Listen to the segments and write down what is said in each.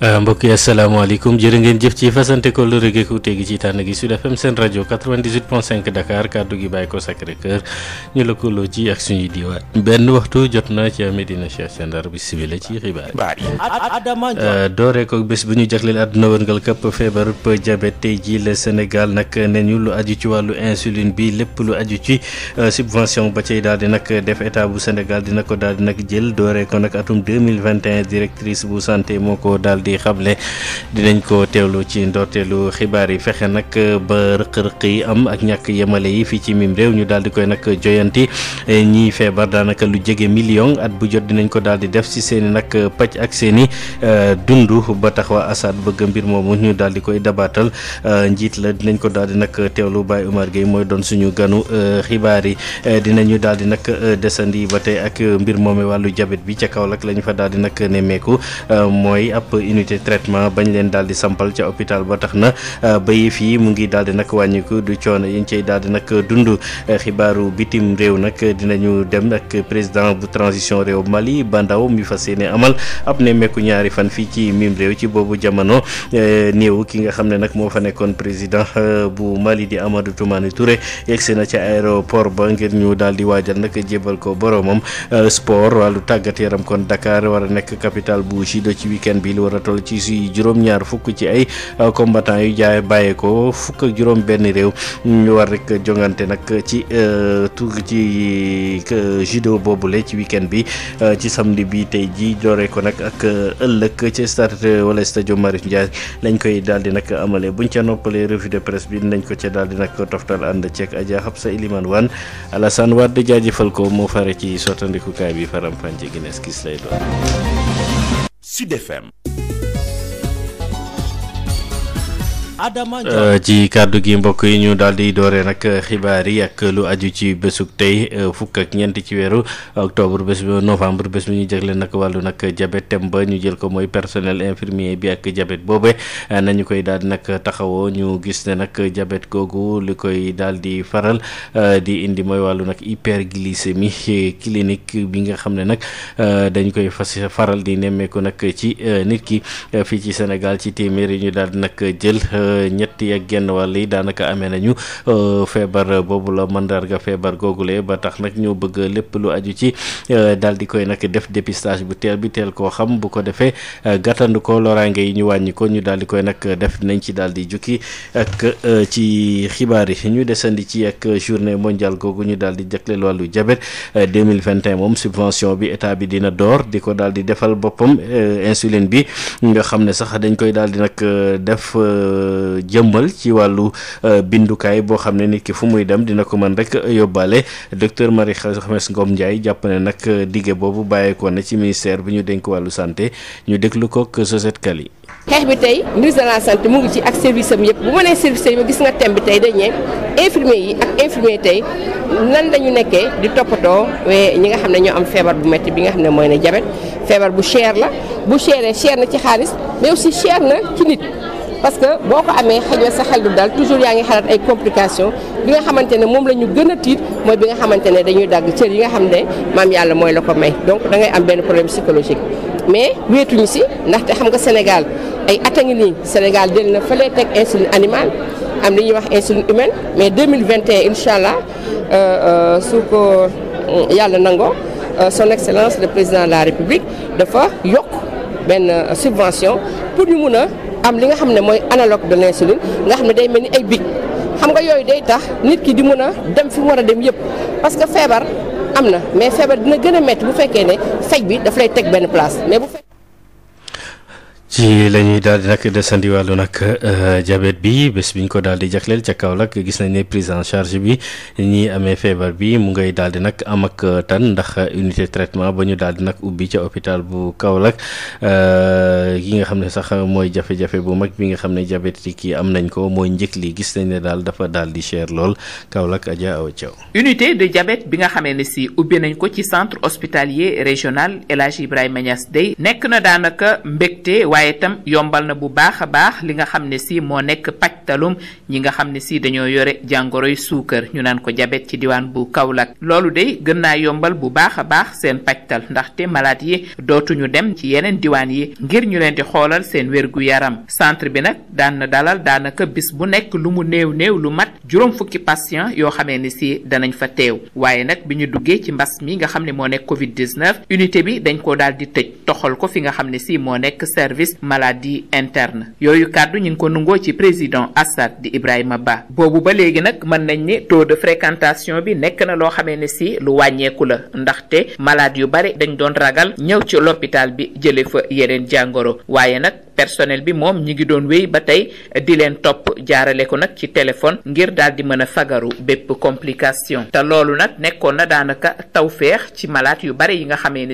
Euh, mbokk yi asalaamaaleykum jërë ngeen jëf ci fasante ko lëre gi ku tegi ci tànn gi Sud FM seen rajo 98.5 Dakar kàddu gi bàyyi ko Sacré Cœur ñu lëkkaloo ci ak suñuy diwaat benn waxtu jot na ci Medina Cheikh Sandar bi sibile ci xibaar yi euh, dooree ko bés bu ñu jagleel àdduna wërngal këpp feebar ba tey jii la Sénégal nag ne ñu lu aju ci wàllu insuline bi lépp lu aju ci euh, subvention ba cay daal di nag def état bu Sénégal dina ko daal di nag jël dooree ko nag atum 2021 directrice bu santé moo ko daal di xamle dinañ ko teewlu ci ndorteelu xibaar yi fexe nag ba rëq-rëq yi am ak ñàkk yemale yi fii ci mim réew ñu daal di koy nag joyanti e, ñiy feebar daanaka lu jege million at bu jot dinañ ko daal di def si seen nag pàcc ak seen i e, dund ba tax waa Assad mbir moomu ñu daal di koy dabaatal e, njiit la dinañ ko daal di nag teewlu Baye Umar Gueye mooy doon suñu ganu xibaar yi dinañu daal di nag desandi ba tey ak mbir moome wàllu jabet bi ca Kaolack lañu fa daal di nag nemmeeku mooy ab unité traitement bañ leen daal sampal ca hôpital ba tax na euh, ba yëf mu ngi daal di nag wàññiku du coono yi ñu cay daal di nag dund euh, xibaaru bitim réew nag dinañu dem ak président bu transition réew Mali ndaw mi fas yéene amal ab ne mekku ñaari fan fii ci mim réew ci boobu jamono euh, néew ki nga xam ne nag moo fa nekkoon président bu Mali di Amadou Toumani Touré yegsi na ca aéroport ba ngir ñu daal di waajal nag jébal ko boromam sport wàllu tàggat yaram kon Dakar war a nekk capitale toll ci si juróom-ñaar fukk ci ay uh, combattant yu jaay bàyyeekoo fukk ak juróom benn réew ñu war rek jongante nag ci uh, tur ci uh, judo boobule ci weekend bi ci samedi bi tey ji doore ko nag ak ëllëg ci stade wala stade Marius Ndiaye lañ koy daal di nag amale buñ ca noppalee revue de presse bi nañ ko ca daal di nag toftal ànd ceeg Adja Habsa Iliman Wane waa de jaajëfal ko moo fare ci sottandiku kaay bi faram-fàcce Guinness gis lay doon Euh, ci kàddu gi mbokk yi ñu daal di dooree nag xibaar yi ak lu aju ci bésug tey euh, fukk ak ñeent ci weeru octobre bés novembre bés bi ñu jagleel nag wàllu nag jabet tem ba ñu jël ko mooy personnel infirmier bi ak jabet boobe euh, nañu koy daal di nag taxawoo ñu gis ne nag jabet googu li koy daal di faral di indi mooy wàllu nag hyperglycémie clinique bi nga xam ne nag dañ koy fas faral di nemmeeku nag ci nit ki fii ci Sénégal ci téeméer yi ñu daal di nag jël. ñetti ak genn wàll yi daanaka amee nañu euh, feebar boobu la mandarga feebar le ba tax nag ñoo bëgg lépp lu aju ci euh, daal di koy nag def dépistage bu teel bi teel koo xam bu ko defee euh, gàttandu ko loraange yi ñu wàññi ko ñu daal di koy nag def nañ ci daal di jukki ak ci xibaar yi ñu desandi ci ak journée mondiale googu ñu daal di jagleel wàllu diabète 2021 moom subvention bi état bi dina door di ko daal di defal boppam insuline bi nga xam ne sax dañ koy daal di nag def. jëmmal ci wàllu euh, bindukaay boo xam ne nit ki fu muy dem dina ko mën rek yóbbaale docteur Marie Khemesse Ngom Ndiaye jàpp ne nag euh, dige boobu bàyyeekoo na ci ministère bi ñu dénk wàllu santé ñu déglu ko ak Sosette Kali. xeex bi tey ministre de la santé mu ngi ci ak service am yëpp bu ma nee service am gis nga thème bi tey dañ ne infirmier yi ak infirmier tey nan lañu nekkee di toppatoo ñi nga xam ne ñoo am feebar bu métti bi nga xam ne mooy ne jabet feebar bu la parce que boo ko amee xëy na sa xel du dal toujours yaa ngi xalaat ay complications bi nga xamante ne moom la ñu gën a tiit mooy bi nga xamante ne dañuy dagg cër yi nga xam ne maam yàlla mooy la ko may donc da ngay am benn problème psychologique. mais wéetuñu si ndaxte xam nga Sénégal ay at a ngi nii Sénégal jël na fële teg insuline animal am li ñuy wax insuline humaine mais 2021 incha allah su ko euh, yàlla nangoo euh, son excellence le président de la république dafa yokk benn euh, subvention am li nga xam ne mooy analogue de l'insuline nga xam ne day mel ni ay bic xam nga yooyu day tax nit ki di mën a dem fi mu war a dem yëpp parce que feebar am na mais feebar dina gën a métti bu fekkee ne faj bi daf lay teg benn place mais bu fekkee ci la ñuy daal di nag desandi wàllu nag euh, diabète bi bés bi ñu ko daal di jagleel ca Kaolack gis nañ ne prise en charge bi ñi amee feebar bi mu ngay daal di nag am ak tan ndax unité traitement ba ñu daal di nag ubbi ca hôpital bu Kaolack euh, ki nga xam ne sax mooy jafe-jafe bu mag bi nga xam ne diabète yi kii am nañ ko mooy njëkk li gis nañ ne daal dafa daal di cher lool Kaolack Adja Awa Thiaw unité de diabète bi nga xamee ne si ubbi nañ ko ci centre hospitalier régional El Hadj Ibrahima Niass Dey nekk waaye itam yombal na bu baax a baax li nga xam ne sii moo nekk pajtalum ñi nga xam ne sii dañoo yore jàngoro jàngoroy suukar ñu naan ko jabet ci diwaan bu Kaolack loolu de gën naa yombal bu baax a baax seen pajtal te malaat yi dootuñu dem ci yeneen diwaan yi ngir ñu leen di xoolal seen wérgu yaram centre bi nag daan na dalal daanaka bis bu nekk lu mu néew néew lu mat juróom fukki patient yoo xamee ni si danañ fa teew waaye nag bi ñu duggee ci mbas mi nga nga xam ne moo nekk service crise maladie interne yooyu kàddu ñu ngi ko nungoo ci président Assad di Ibrahima Ba boobu ba léegi nag mën nañ ni taux de fréquentation bi nekk na loo xamee ne si lu wàññeeku la ndaxte malade yu bare dañ doon ragal ñëw ci l'hôpital bi jële fa yeneen jàngoro waaye nag personnel bi moom ñi ngi doon wéy ba tey di leen topp jaarale ko nag ci téléphone ngir daal di mën a fagaru bépp complication te loolu nag nekkoon na daanaka tawféex ci malade yu bare yi nga xamee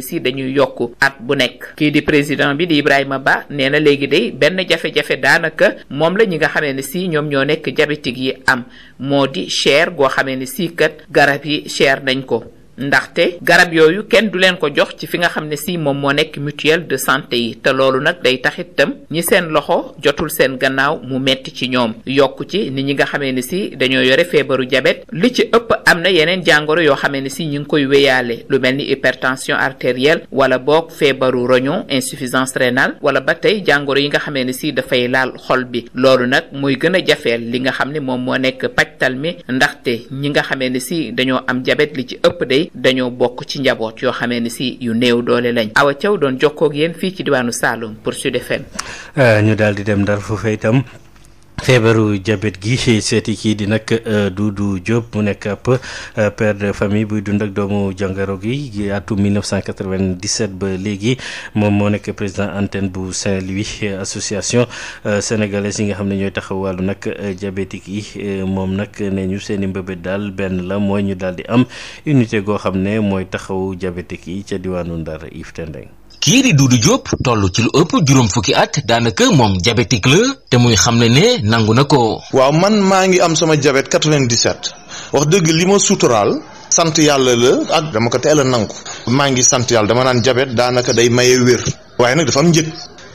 nee na léegi day benn jafe-jafe daanaka moom la ñi nga xamee ne si ñoom ñoo nekk diabétique yi am moo di cher goo xame ne si kat garab yi cher nañ ko ndaxte garab yooyu kenn du leen ko jox ci fi nga xam ne sii moom moo nekk mutuelle de santé yi te loolu nag day tax itam ñi seen loxo jotul seen gannaaw mu metti ci ñoom yokk ci ni ñi nga xamee ne si dañoo yore feebaru jabet li ci ëpp am na yeneen jàngoro yoo xamee ne si ñi ngi koy wéyaale lu mel ni hypertension artérielle wala boog feebaru roño insuffisance rénale wala ba tey jàngoro yi nga xamee ne si dafay laal xol bi loolu nag mooy gën a jafeel li nga xam ne moom moo nekk pajtal mi ndaxte ñi nga xamee ne si dañoo am jabet li ci ëpp day dañoo bokk ci njaboot yoo xamee ni sii yu néew doole lañ Awa caw doon jokkoog yéen fii ci diwaanu Saloum pour Sud FM. Euh, ñu daal di dem ndar foofu itam feebaru jabet gi seeti kii di nag euh, Doudou Diop mu nekk ab euh, per de famille buy dund ak doomu jangaro gi atum 1997 ba léegi moom moo nekk président antenne bu Saint-Louis association euh, sénégalaise yi nga xam ne ñooy taxawaalu nag diabétique yi moom nag nee ñu seen i mbëbët daal benn la mooy ñu daal di am unité goo xam ne mooy taxawu diabétique yi ca diwaanu Ndar Yves Tendeng kii di Doudou Diop toll ci lu ëpp juróom fukki at daanaka moom jabetik la te muy xam ne ne nangu na ko. waaw man maa ngi am sama diabète 97 wax dëgg li ma suturaal sant yàlla la ak dama ko teel a nangu. maa ngi sant yàlla dama naan diabète daanaka day maye wér. waaye nag dafa am njëg.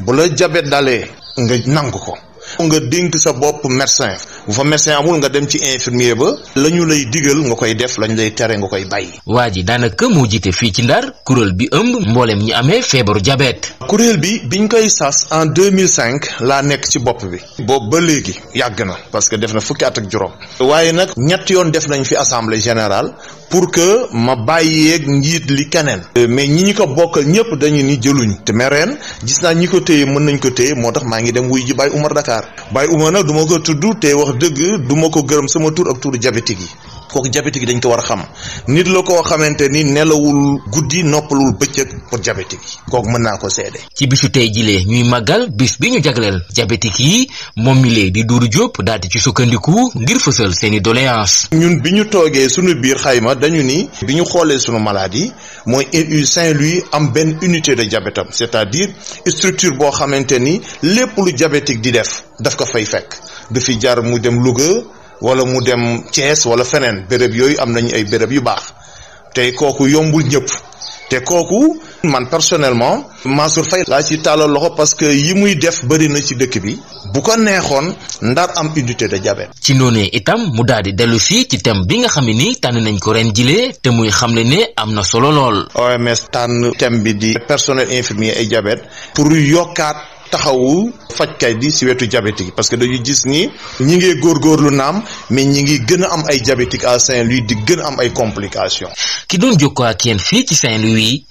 bu la jabet dalee. nga nangu ko. nga dénk sa bopp médecin bu fa médecin nga dem ci infirmier ba la ñu lay digal nga koy def la lay tere nga koy bàyyi. waa ji daanaka moo jiite fii ci ndar kuréel bi ëmb mboolem ñi amee feebaru diabète. kuréel bi biñ koy sas en 2005 laa nekk ci bopp bi. boobu ba léegi yàgg na parce que def na fukki at ak juróom. waaye nag ñett yoon def nañ fi assemblée général pour que ma bàyyeeg njiit li keneen. mais ñi ñi ko bokkal ñëpp dañu ni jëluñ te mais ren gis naa ñi ko téye mën nañ ko téye moo tax maa ngi dem wuy ji Baye Umar Dakar. Dakar uma na duma ko tudd te wax dëgg duma ko gërëm sama tur ak turu diabétique yi kooku diabétique dañ ko war a xam nit la koo xamante ni nelawul guddi noppalu bëccëg pour diabétique yi kooku mën naa ko seede ci bisu tey jilee ñuy màggal bis bi ñu jagleel diabétique yi moom mi lee di Doudou Diop daal di ci sukkandiku ngir fësal seen i doléance ñun bi ñu toogee suñu biir xayma dañu ni bi ñu xoolee sunu maladie mooy u Saint-Louis am benn unité de diabétam c'est-à-dire structure boo xamante ni lépp lu diabétique di def daf ko fay fekk du fi jar mu dem Louga wala mu dem Thiès wala feneen béréb yooyu am nañu ay béréb yu baax tey kooku yombul ñëpp te kooku man personnellement Mansour Faye laa ci tàllal loxo parce que yi muy def bëri na ci dëkk bi bu ko neexoon ndar am unité de diabète ci noonee itam mu daal di dellu si ci thème bi nga xam ne ni tànn nañ ko reen jilee te muy xamle ne am na solo lool OMS tànn thème bi di personnel infirmier ay diabète pour yokkaat taxawu faj fajkat yi si wetu diabétique yi parce que dañu gis ni ñi góor góorgóorlu naam mais ñi ngi gën a am ay diabétique à Saint-Louis di gën am ay complications. ki doon jokkoo ak yéen fii ci Saint-Louis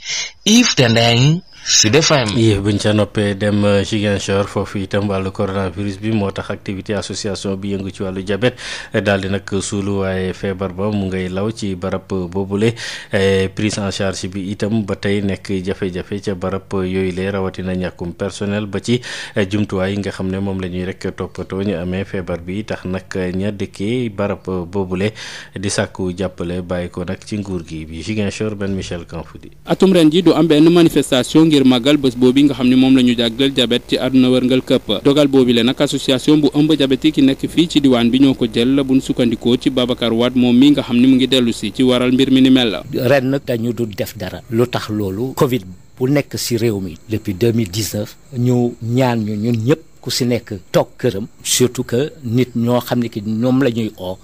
Yves Tendeng Sud FM. yéen bu ñu ca noppee dem euh, Ziguinchor foofu itam wàllu coronavirus bi moo tax activité association bi yëngu ci wàllu jabet euh, daal di nag suulu waaye feebar ba mu ngay law ci barab euh, boobule prise en charge bi itam ba tey nekk jafe-jafe ca barab yooyu lee rawatina ñàkkum personnel ba ci jumtuwaay yi nga xam ne moom la ñuy rek toppatoo ñu amee feebar bi tax nag ña dëkkee barab boobule di sàkku jàppale bàyyi ko nag ci nguur gi bi Ziguinchor benn Michel Kanfoudi. atum benn manifestation ngir màggal bés boobi bi ñoo ko jël buñ sukkandikoo ci Babacar Wade ne mu ngi dellu si ci waral mbir mi ni mel la ren nag dañu dul def dara lu tax loolu covid bu nekk si réew mi depuis 2019 ñu ñaan ñu ñun ñëpp ku si nekk toog këram surtout que nit ñoo xam ne ki ñoom la ñuy oo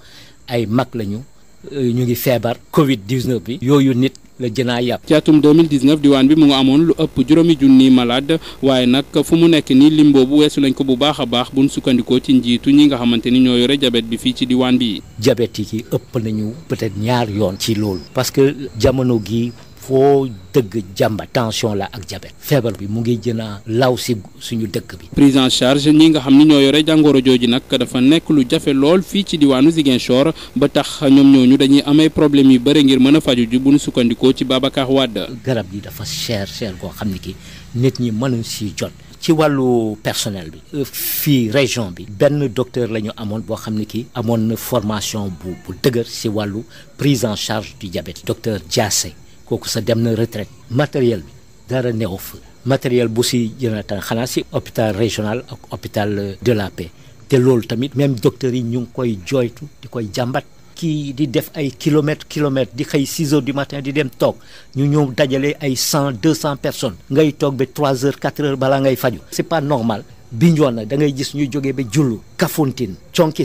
ay mag lañu ñu ngi feebar covid bi yooyu nit la jënaaya ci atum 2019 diwaan bi mu nga amoon lu ëpp juróomi junni malade waaye nag fu mu nekk nii limbo boobu weesu nañ ko bu baax a baax buñ sukkandikoo ci njiitu ñi nga xamante ni ñoo yore jabet bi fii ci diwaan bi. jabet yi ëpp nañu peut-être ñaar yoon ci loolu parce que jamono gi foo tëgg jàmba tension la ak jabet feebar bi mu ngi jën law si suñu dëkk bi. prise en charge ñi nga xam ni ñoo yore jàngoro jooju nag dafa nekk lu jafe lool fii ci diwaanu Ziguinchor ba tax ñoom ñooñu dañuy amee problème yu bëri ngir mën a faju ji bu ñu sukkandikoo ci Babacar Wade. garab yi dafa cher cher koo xam ni ki nit ñi mën si jot. ci wàllu personnel bi euh, fii région bi benn docteur lañu amoon boo xam ne kii amoon na formation bu bu dëgër si wàllu prise en charge du diabète docteur Diassé kooku sa dem na retraite matériel bi dara neew fa matériel bu si Jonathan xanaa si hôpital régional ak hôpital euh, de la paix te loolu tamit même docteurs yi ñu ngi koy jooytu di koy jàmbat kii di def ay kilomètres kilomètres di xëy 6 heures du matin di dem toog ñu ñëw dajale ay 100 200 personnes ngay toog ba 3 heures 4 heures balaa ngay faju c'est pas normal Bignona da ngay gis ñuy jógee ba Jullu Kafountine Thionck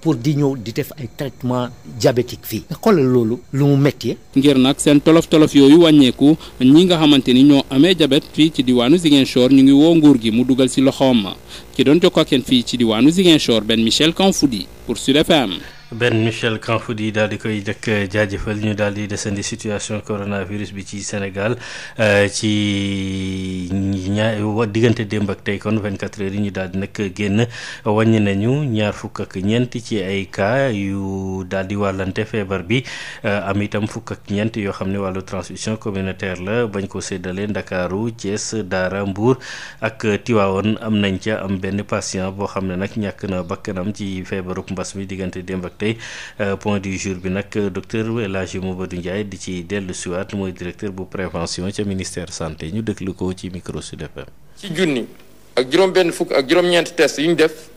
pour di ñëw di def ay traitement diabétique fii nga xoolal loolu lu mu métti. ngir nag seen tolof tolof yooyu wàññeeku ñi nga xamante ni ñoo amee diabète fii ci diwaanu Ziguinchor ñu ngi woo nguur gi mu dugal si loxoom ki doon jokkoo ak fii ci diwaanu Ziguinchor Ben Michel Kanfoudi pour Sud FM. benn Michel Kanfoudi daal di koy jëkk jaajëfal ñu daal di desandi situation coronavirus bi ci Sénégal euh, ci ñaar diggante démb ak tey kon 24 heures yi ñu daal di nag génn wàññi nañu ñaar fukk ak ñeent ci ay cas yu daal di wàllante feebar bi euh, am itam fukk ak ñeent yoo xam ne wàllu transmission communataire la bañ ko séddalee Ndakaaru Thiès Daara mbuur ak Tivaouane am nañ ca am benn patient boo xam ne nag ñàkk na bakkanam ci feebaru mbas mi diggante démb ak tey euh, point du jour bi nag docteur El Hadji Mamadou Ndiaye di ci dellu siwaat mooy directeur bu prévention ca ministère santé ñu déglu ko ci micro Sud FM ci junni ak juróom-benn fukk ak juróom-ñeent test yu ñu def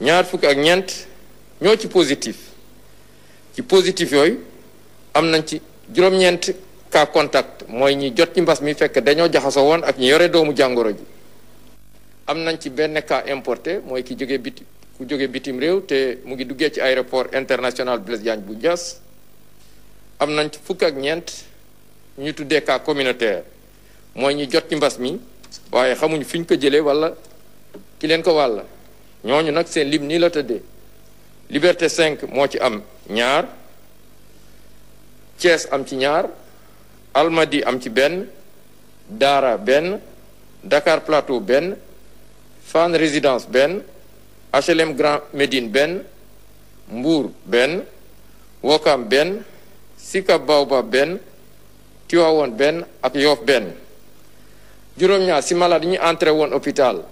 ñaar fukk ak ñeent ñoo ci positif ci positif yooyu am nañ ci juróom-ñeent cas contact mooy ñi jot ci mbas mi fekk dañoo jaxasoo woon ak ñi yore doomu jàngoro ji am nañ ci benn cas importé mooy ki jóge biti bu jóge bitim réew te mu ngi duggee ci aéroport international Blaise Diagne bu jaas am nañ fukk ak ñeent ñu tuddee ka communautaire mooy ñu jot ci mbas mi waaye xamuñu fiñ ko jëlee wala ki leen ko wàll ñooñu nag seen lim nii la tëddee Liberté 5 moo ci am ñaar Thiès am ci ñaar Almadi am ci benn Daara benn Dakar Plateau benn Fann Résidence benn HLM Grand Médine benn mbuur benn Wokam benn Sicap Baobab benn Tivaouane benn ak Yoff benn juróom-ñaar si malade yi ñu entré woon hôpital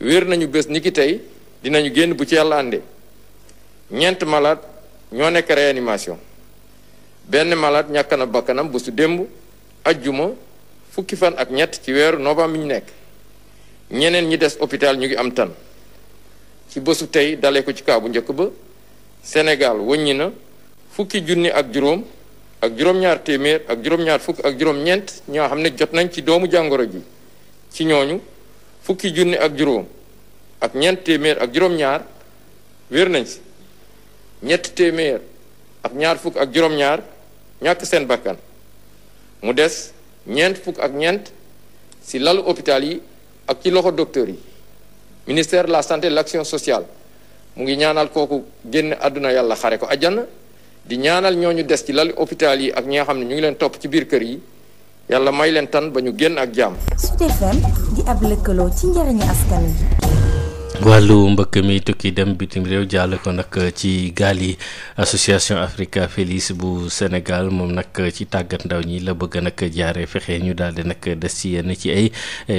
wér nañu bés niki ki tey dinañu génn bu ci yàlla ànde ñeent malade ñoo nekk réanimation benn malade ñàkk na bakkanam bésu démb ajjuma fukki fan ak ñett ci weeru novembre bi ñu nekk ñeneen ñi des hôpital ñu ngi am tan ci bésu tey dalee ko ci kaa bu njëkk ba Sénégal wëññi na fukki junni ak juróom ak juróom-ñaar téeméer ak juróom-ñaar fukk ak juróom-ñeent ñoo xam ne jot nañ ci doomu jàngoro ji ci ñooñu fukki junni ak juróom ak ñeent téeméer ak juróom-ñaar nañ si ñett téeméer ak ñaar ak juróom ñàkk seen bakkan mu des ñeent fukk ak ñeent si lalu hôpital yi ak ci loxo docteur yi ministère la santé de l'action sociale mu ngi ñaanal kooku génn àdduna yàlla xare ko àjjana di ñaanal ñu des ci lal hôpital yi ak ñi nga xam ne ñu ngi leen topp ci biir kër yi yàlla may leen tan ba ñu génn ak jàmm. wàllu mbëkk mi tukki dem bitim réew jàll ko nag ci gaal yi association Africa Feliz bu Sénégal moom nag ci tàggat ndaw ñi la bëgg nag jaaree fexe ñu daal di nag des ci yenn ci ay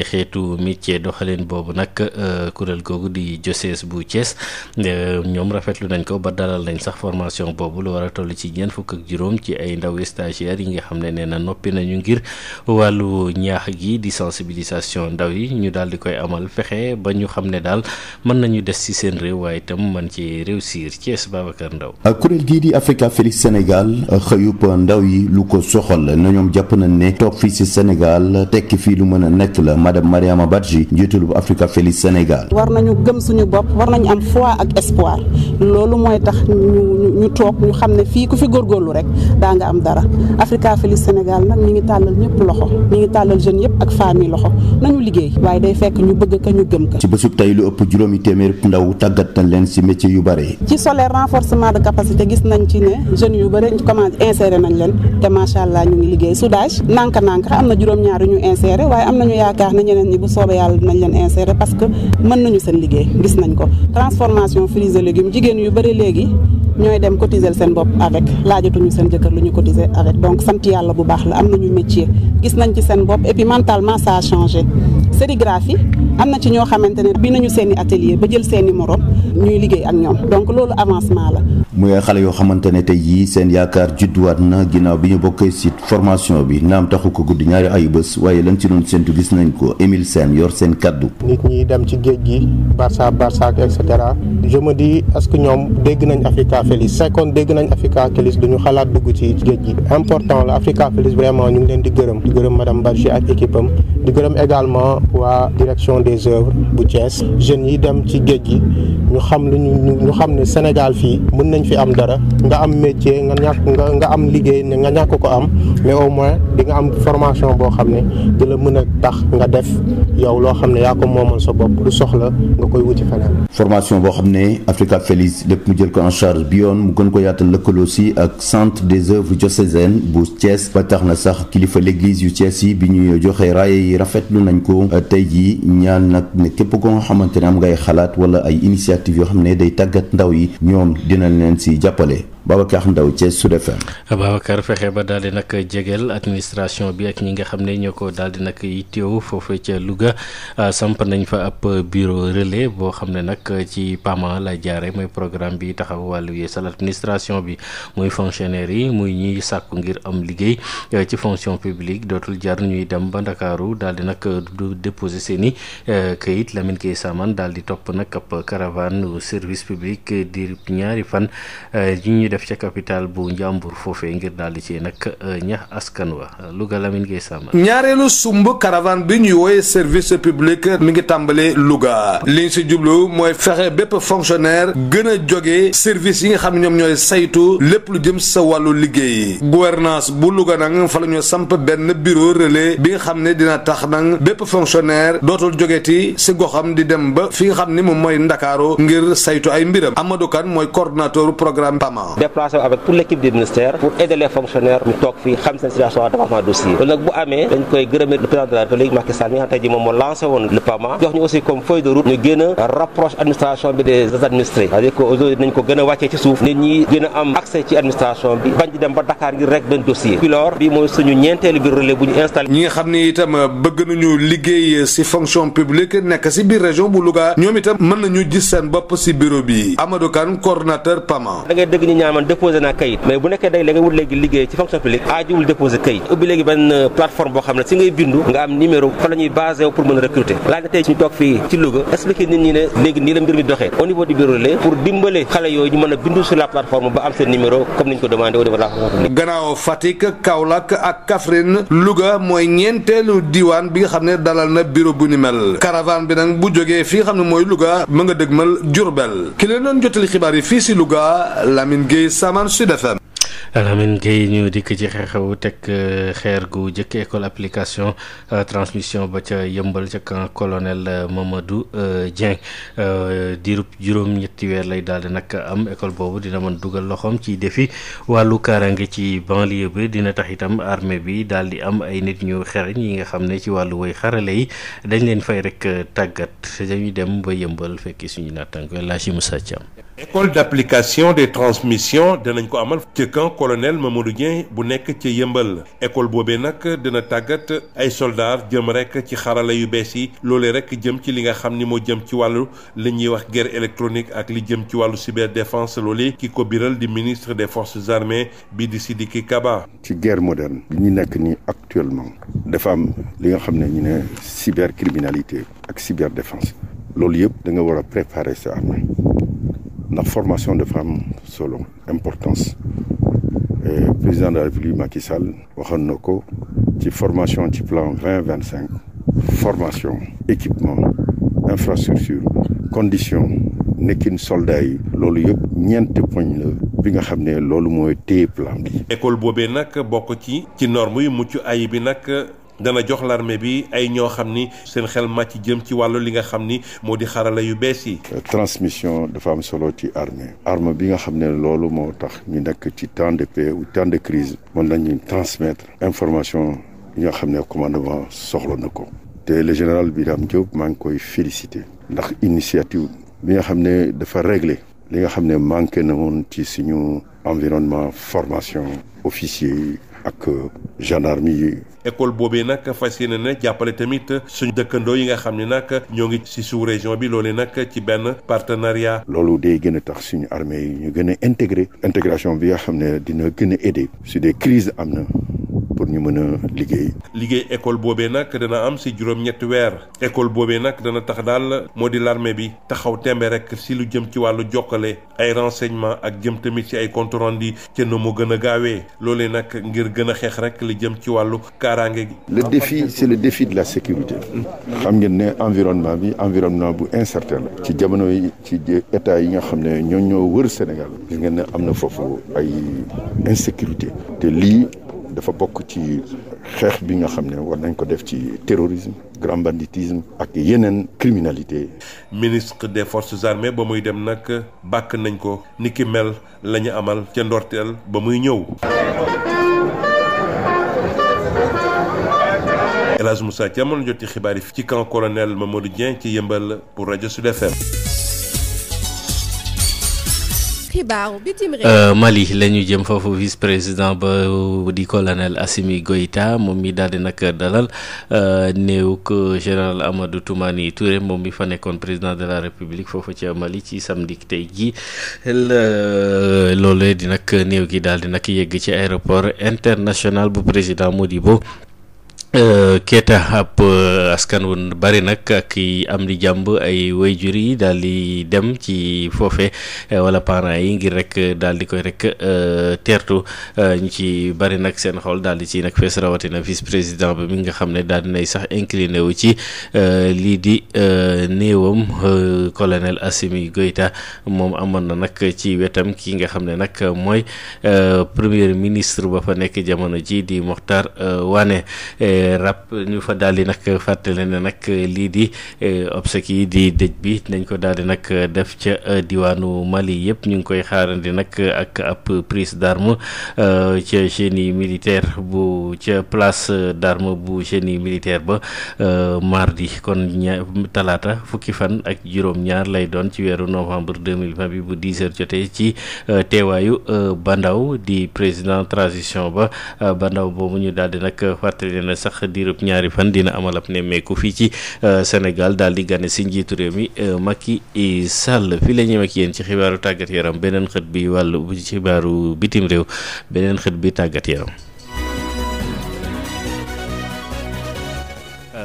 xeetu métier doxalin boobu nag euh, kuréel googu di Joses bu Thiès euh, ñoom rafetlu nañ ko ba dalal nañ sax formation boobu lu war a toll ci ñeent fukk ak juróom ci ay ndaw stagiaires yi nga xam ne nee na noppi nañu ngir wàllu ñaax gi di sensibilisation ndaw yi ñu daal di koy amal fexe ba ñu xam ne daal. mën nañu des ci seen réew waaye itam mën ci réussir Thiès Babacar Ndaw ak ah, kuréel gii di Africa Félix Sénégal ah, xëyub ndaw yi lu ko soxal na ñoom jàpp nañ ne toog fii ci Sénégal tekk fii lu mën a nekk la madame Mariama Badji njiitalu Africa Félix Sénégal war nañu gëm suñu bopp war nañu am foi ak espoir loolu mooy tax ñu ñu toog ñu xam ne fii ku fi góorgóorlu rek daa nga am dara Africa Feliz Sénégal nag ñu ngi tàllal ñëpp loxo ñu ngi tàllal jeunes yëpp ak famille loxo nañu liggéey waaye day fekk ñu bëgg ka ñu gëm ka ci bésub tey lu ëpp juróomi téeméer ndaw tàggat nañ leen si métier yu bare ci solaire renforcement de capacité gis nañ ci ne jeunes yu bëri ñu nañ leen te macha allah ñu ngi liggéey soudage nanka-nanka am na juróom-ñaar yu ñu insérer waaye am nañu yaakaar ne ñeneen ñi soobee yàlla nañ leen insérer parce que mën nañu seen liggéey gis nañ ko jigéen yu bëri léegi ñooy dem cotiser seen bopp avec laajatuñu seen jëkkër lu ñu cotiser avec donc sant yàlla bu baax la am na ñu métier gis nañ ci seen bopp et puis mentalement ça a changé sérigraphie am na ci ñoo xamante ne bi nañu seen i atelier ba jël seen i ñuy liggéey ak ñoom donc loolu avancement la mu ay xale yoo xamante ne tey jii seen yaakaar judduwaat na ginnaaw bi ñu bokkee ci formation bi naam taxu ko guddi ñaari ayu bés waaye lañ ci doon séntu gis nañ ko Émile Sène yor seen kaddu. nit ñi dem ci géej gi Barça Barça et cetera je que ñoom dégg nañ Africa Félix seconde dégg nañ Africa Félix du ñu xalaat dugg ci géej gi important la Africa Félix vraiment ñu ngi leen di gërëm di gërëm madame Barchi ak équipe am di gërëm également waa direction des œuvres bu Thiès jeunes yi dem ci géej gi ñu xam lu xam ne Sénégal fii dinañ fi am dara nga am métier nga ñàkk nga am liggéey ne nga ñàkk ko am mais au moins di nga am formation boo xam ne di la mën a tax nga def yow loo xam ne yaa ko moomal sa bopp du soxla nga koy wuti feneen. formation boo xam ne Africa Feliz lépp mu jël ko en charge bi yoon mu gën ko yaatal lëkkaloo si ak centre des œuvres diocésaines bu Thiès ba tax na sax kilifa l'église yu Thiès yi bi ñuy joxee raaya yi rafetlu nañ ko tey jii ñaan nag ne képp ko nga xamante ne am ngay xalaat wala ay initiative yoo xam ne day tàggat ndaw yi leen jàppale Babacar Ndaw Thiès Sud FM. Babacar fexe ba daal di nag jegeel administration bi ak ñi nga xam ne ñoo ko daal di nag yitteewu foofu ca Louga ah, samp nañ fa ab bureau relais boo xam ne nag ci PAMA la jaare mooy programme bi taxaw wàll yeesal administration bi muy fonctionnaire yi muy ñuy sàkku ngir am liggéey eh, ci fonction publique dootul jar ñuy dem ba Ndakaaru daal di nag du déposer seen i eh, këyit Lamine Gueye Samane daal di topp nag ab caravane service public di ñaari fan eh, def ca capital bu Njàmbur foofee ngir daal di ci nag euh, ñax askan wa Louga Lamine Gueye Samba. ñaareelu sumb caravane bi ñuy wooye service public mi ngi tàmbalee Louga liñ si jublu mooy fexe bépp fonctionnaire gën a jóge service yi nga xam ñoom ñooy saytu lépp lu jëm sa wàllu liggéey gouvernance bu Louga nag fa la ñu samp benn bureau relais bi nga xam ne dina tax nan bépp fonctionnaire dootul jógeti si goxam di dem ba fi nga xam ni moom mooy Ndakaaru ngir saytu ay mbiram Amadou Kane mooy coordonnateur programme PAMA déplacé avec toute l'équipe du ministère pour aider les fonctionnaires toog fii xam seen situation d'avancement dossier loolu nag bu amee dañ koy gërëmee le président de la République Macky Sall moom moo lancé woon le PAMA jox ñu aussi comme feuille de route ñu gën a rapproche administration bi des administrés c'est-à-dire que aujourd'hui nañ ko gën a ci suuf nit ñi gën am accès ci administration bi bañ di dem ba Dakar ngir rek benn dossier pilor man déposé naa kayit mais bu nekkee day léegi wut léegi liggéey ci fonction publique euh, boo xam ne si ngay bindu nga am numéro fa la ñuy pour mën a recruter tey ñu toog fii ci Louga expliqué nit ñi ne léegi nii la mbir mi doxee au niveau bureau la pour dimbale xale yooyu ñu mën a bindu sur la plateforme ba am seen numéro comme niñ ko demandé au niveau de la fonction ak Kaffrine Louga mooy ñeenteelu diwaan bi nga xam ne dalal na bureau bu ni mel ci Saman Sud FM. Lamine Gueye ñu dikk ci xew-xew teg euh, xeer gu jëkk école application euh, transmission ba ca yëmbal ca camp colonel euh, Mamadou Dieng diirub juróom-ñetti weer lay daal di nag am école boobu dina mën dugal loxoom ci defi wàllu kaaraange ci banlieue bi dina tax itam armée bi daal di am ay nit ñu xereñ yi nga xam ne ci wàllu woy xarale yi dañ leen fay rek tàggat dañuy dem ba yëmbal fekki suñu naataango El Hadj Moussa Thiam école d'application des transmissions danañ ko amal ci camp colonel Mamadou Dieng bu nekk ci yëmbal école boobee nag dina tàggat ay soldats jëm rek ci xarala yu bees yi loolee rek jëm ci li nga xam ni moo jëm ci wàllu li ñuy wax guerre électronique ak li jëm ci wàllu cyberdéfense loolee ki ko biral di ministre des forces armées bi di Sidiki Kaba. ci guerre moderne bi ñu nekk nii actuellement dafa am li nga xam ne ñu ne cybercriminalité ak cyberdéfense loolu yëpp da nga war a préparer sa ndax formation de am solo importance euh, président de la République Macky Sall waxoon na ko ci formation ci plan vingt vingt cinq formation équipement infrastructure condition nekkin soldat loolu yëpp ñeent poñ la bi nga xam ne loolu mooy téye plan bi. école boobee nag bokk ci ci norme yu mucc ayib bi nag. dana jox l'armée bi ay ñoo xam ni seen xel màcc jëm ci wàllu li nga xam ni moo di xarala yu bees yi. transmission dafa am solo ci armée arme bi nga xam ne loolu moo tax ñu nekk ci temps de paix ou temps de crise mën nañu transmettre information yi nga xam ne commandement soxla na ko. te le général Birame Diop maa ngi koy félicité ndax initiative bi nga xam ne dafa réglé li nga xam ne manqué na woon ci suñu environnement formation officier yi. ak gendarmerie yi. école boobee nag fas yéene ne jàppale tamit suñ dëkkandoo yi nga xam ne nag ñoo ngi ci sous région bi loolee nag ci benn partenariat. loolu day gën a tax suñu armée yi ñu gën a intégré intégration bi nga xam ne dina gën a aidé su dee crise am na. pour ñu mën a liggéey. liggéey école boobee nag dana am si juróom-ñetti weer école boobee nag dana tax daal moo di larme bi taxaw tembe rek si lu jëm ci wàllu jokkale ay renseignement ak jëm tamit si ay compte rendu te na mu gën a gaawee loolee nag ngir gën a xeex rek li jëm ci wàllu kaaraange gi. le défi c'est le défi de la sécurité. xam ngeen ne environnement bi environnement bu incertain la. ci jamono yi ci état yi nga xam ne ñoo wër Sénégal. gis ngeen ne am na foofu ay dafa bokk ci xeex bi nga xam ne war nañ ko def ci terrorisme grand banditisme ak yeneen criminalité ministre des forces armées ba muy dem nag bàkk nañ ko ni ki mel la amal ca ndorteel ba muy ñëw El Hadj Moussa Thiam jot ci xibaar yi fi ci camp colonel Mamadou Dieng ci yëmbal pour rajo Sud FM xibaaru bitim réew euh, Mali la ñu jëm foofu vice président ba euh, di colonel Assimi Goïta moom mi daal di nag dalal euh, néew ko général Amadou Toumani Touré moom mi fa nekkoon président de la république foofa ci Mali ci samedi tey jii la loolee di nag néew gi daal di nag yegg ci aéroport international bu président Modibo. keta euh, Keita ab %e askan wu bari nag ak i am di jàmb ay wayjur yi daal di dem ci foofe euh, wala parents yi ngir rek daal di koy rek %e teertu [r] ñu ci bëri nag seen xool daal di ciy nag fees rawatina vice :fra président :fra ba mi nga xam ne daal dinay sax incliné :fra wu ci %e lii di %e néewam %e colonel :fra Assimi moom amoon na nag ci wetam ki nga xam ne nag mooy %e premier ministre :fra ba fa nekk jamono jii di Mokhtar %e Wane rap ñu fa daal di nag fàttali na nag lii di eh, obsèques yi di dëj bi nañ ko daldi nag def ca eh, diwaanu Mali yëpp ñu ngi koy xaarandi nag ak ab prise d'arme eh, ca génie militaire bu ca place d'arme bu génie militaire ba mardi kon ña talaata fukki fan ak juróom-ñaar lay doon ci weeru novembre 2020 bi bu 10 heures jotee ci teewaayu Bandaw di président transition ba Bandaw boobu ñu daal nag fàttali ne sax. ndax diirub ñaari fan dina amal ab nemmeeku fii ci euh, Sénégal daal di gane si njiitu réew mi euh, Macky Sall fii la ñuy mag yéen ci xibaaru tàggat yaram beneen xët bi wàll ci xibaaru bitim réew beneen xët bi tàggat yaram.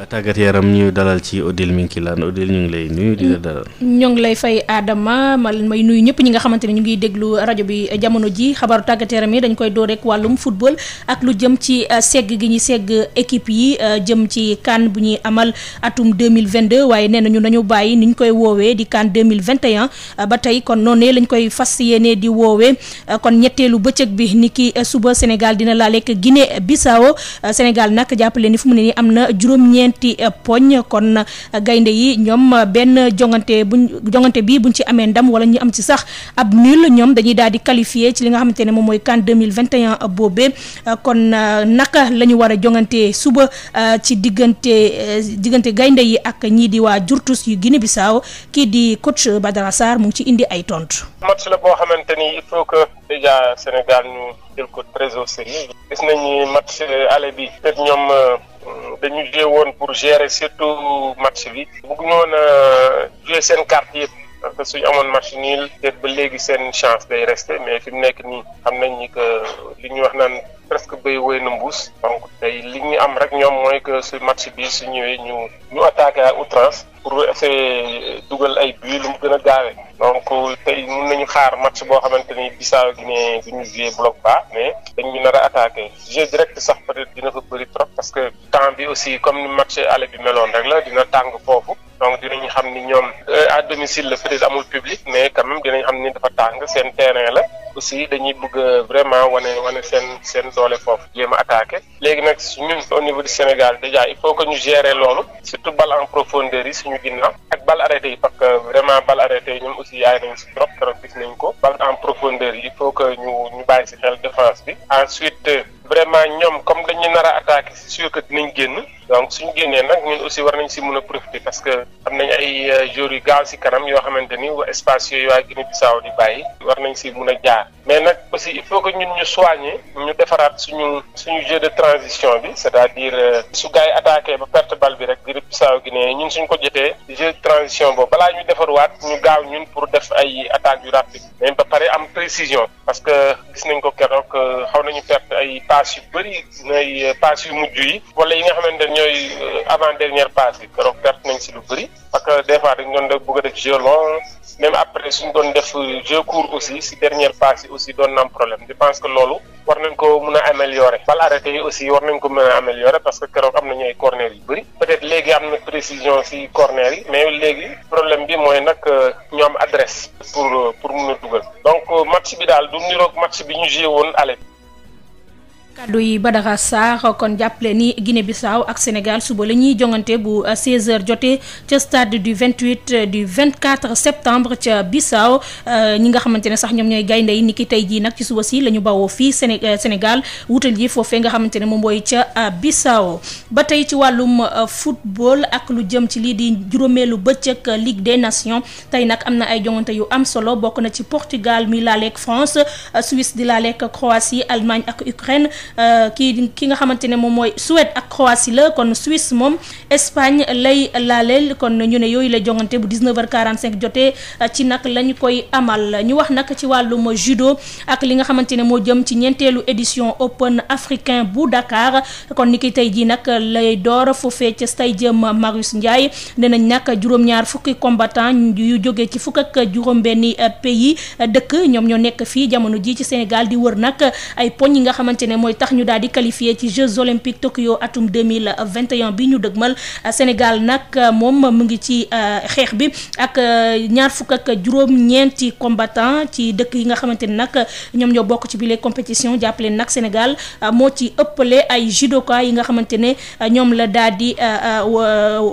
tàggat yaram ñu dalal ci Odile Minkilaan Odile ñu ngi lay nuyu di la dalal. ñoo ngi lay fay Adama ma may nuyu ñëpp ñi nga xamante ne ñu ngi déglu rajo bi jamono ji xabaaru tàggat yaram yi dañ koy door rek wàllum football ak lu jëm ci euh, segg gi ñu segg équipe yi euh, jëm ci CAN bu ñuy amal atum 2022 waaye nee nañu nañu bàyyi ni ñu koy woowee di CAN 2021 euh, ba tey kon noonu lañ koy fas yéenee di woowee kon ñetteelu bëccëg bi ni ki suba Sénégal dina laaleek Guinée Bissau Sénégal nag jàppale ni fu mu ne nii am ñetti eh, poñ kon eh, gaynde yi ñoom eh, benn jongante buñ jongante bi buñ ci amee ndam wala ñu am ci sax ab nul ñoom dañuy daal di qualifié ci li nga xamante ne moom mooy CAN 2021 boobee kon naka la ñu war a jongante suba ci diggante diggante gaynde yi ak ñii di waa Jurtus yu Guinée Bissau kii di coach Badara Sarr mu ngi ci indi ay tontu. match la boo xamante ni il faut que déjà Sénégal ñu jël ko très au gis nañu match aller bi peut ñoom. dañu joué woon pour gérer surtout match bi bëgg ñoon a euh, joué seen carte yëpp parce que suñu amoon match niil peut-être ba léegi seen chance day resté mais fi mu nekk nii xam nañ ni que li ñuy wax naan presque béy woy na mbuus donc tey li ñu am rek ñoom mooy que su match bi su ñëwee ñu ñu attaquer à outrance pour essayer dugal ay buts lu mu gën a gaawee donc tey mun nañu xaar match boo xamante ni Bissau Guinée duñu jouer bloc bas mais dañu nar a attaqué jeu direct sax peut-être dina fa bëri trop parce que temps bi aussi comme ni match aller bi meloon rek la dina tàng foofu donc ñu xam ni ñoom euh, à domicile la peut amul public mais quand même dinañ xam ni dafa tàng seen terrain la aussi dañuy bëgg vraiment wane wane seen seen doole foofu jéem a léegi nag ñun au niveau du Sénégal déjà il faut que ñu gérer loolu surtout balle en profondeur yi suñu ginnaaw ak balle arrêtée yi que vraiment balle aussi yaay nañu si trop trop gis nañ ko bal en profondeur yi il faut que ñu ñu bàyyi si xel défense bi ensuite vraiment ñoom comme dañu nar a attaquer c'est sûr que génn donc suñu génnee nag ñun aussi war nañ si mun a profiter parce que am nañ ay euh, jours yu gaaw si kanam yoo xamante ni wa espace yooyu waa Guinée Bissau di bàyyi war nañ si mun a jaar mais nag aussi il faut que ñun ñu soigner ñu defaraat suñu suñu jeu de transition bi c'est-à-dire euh, su gars yi attaqué ba perte bal bi rek Guinée Bissau Guinée ñun suñ ko jotee jeu de transition boobu balaa ñu defarwaat ñu gaaw ñun pour def ay attaque yu rapide mais ba pare am précision parce que gis nañ ko keroog euh, xaw nañu perte ay passes yu bëri ay yu mujj yi ñooy euh, avant dernière passe bi keroog perte nañ si lu bëri parce que des fois dañ doon def bëgg a def jeu long même après suñ doon def euh, jeu court aussi si dernière passe yi aussi doon na problème je pense que loolu war nañ ko mën a améliorer bal arrêté yi aussi war nañ ko mën a améliorer parce que keroog am nañu ay corner yu bëri peut-être léegi am na précision si corner yi mais léegi problème bi mooy nag euh, ñu am adresse pour pour mun a dugal donc match bi daal du niroog match bi ñu joué kaddu yi Badara Sarr kon jàppale ni Guinée Bissau ak Sénégal suba la ñuy jongante bu 16h euh, jotee ca stade du 28 euh, du 24 septembre ca Bissau euh, ñi nga xamante ne sax ñoom ñooy gaynde yi ni ki tey jii nag ci suba si la ñu bawoo fii Sénégal wutal ji foofee nga xamante ne moom mooy ca Bissau ba tey ci wàllum football ak lu jëm ci lii di juróomeelu bëccëg Ligue de Nations tey nag am na ay jongante yu am solo bokk na ci Portugal mi laaleeg France Suisse di Euh, kii ki nga xamante ne moom mooy Suède ak Croatie la kon Suisse moom Espagne lay laale kon ñu ne yooyu la jongante bu 19h45 jotee euh, ci nag lañ koy amal ñu wax nag ci wàllum judo ak li nga xamante ne moo jëm ci ñeenteelu édition Open africain bu Dakar kon ni ki tey jii nag lay door foofee ca stade Marius Ndiaye dinañ nag juróom-ñaar fukki combattant yu jógee ci fukk ak juróom-benni euh, pays dëkk ñoom ñoo nekk fii jamono ji ci Sénégal di wër nag ay poñ yi nga xamante tax ñu daal di qualifié ci Jeux olympiques Tokyo atum 2021 bi ñu mal Sénégal nag euh, moom mu ngi ci euh, xeex bi ak euh, ñaar fukk ak juróom-ñeenti combattant ci dëkk yi nga xamante ni nag ñoom ñoo bokk ci bile compétition jàppale nag Sénégal moo ci ëppale ay judoka yi nga xamante ne ñoom la daal di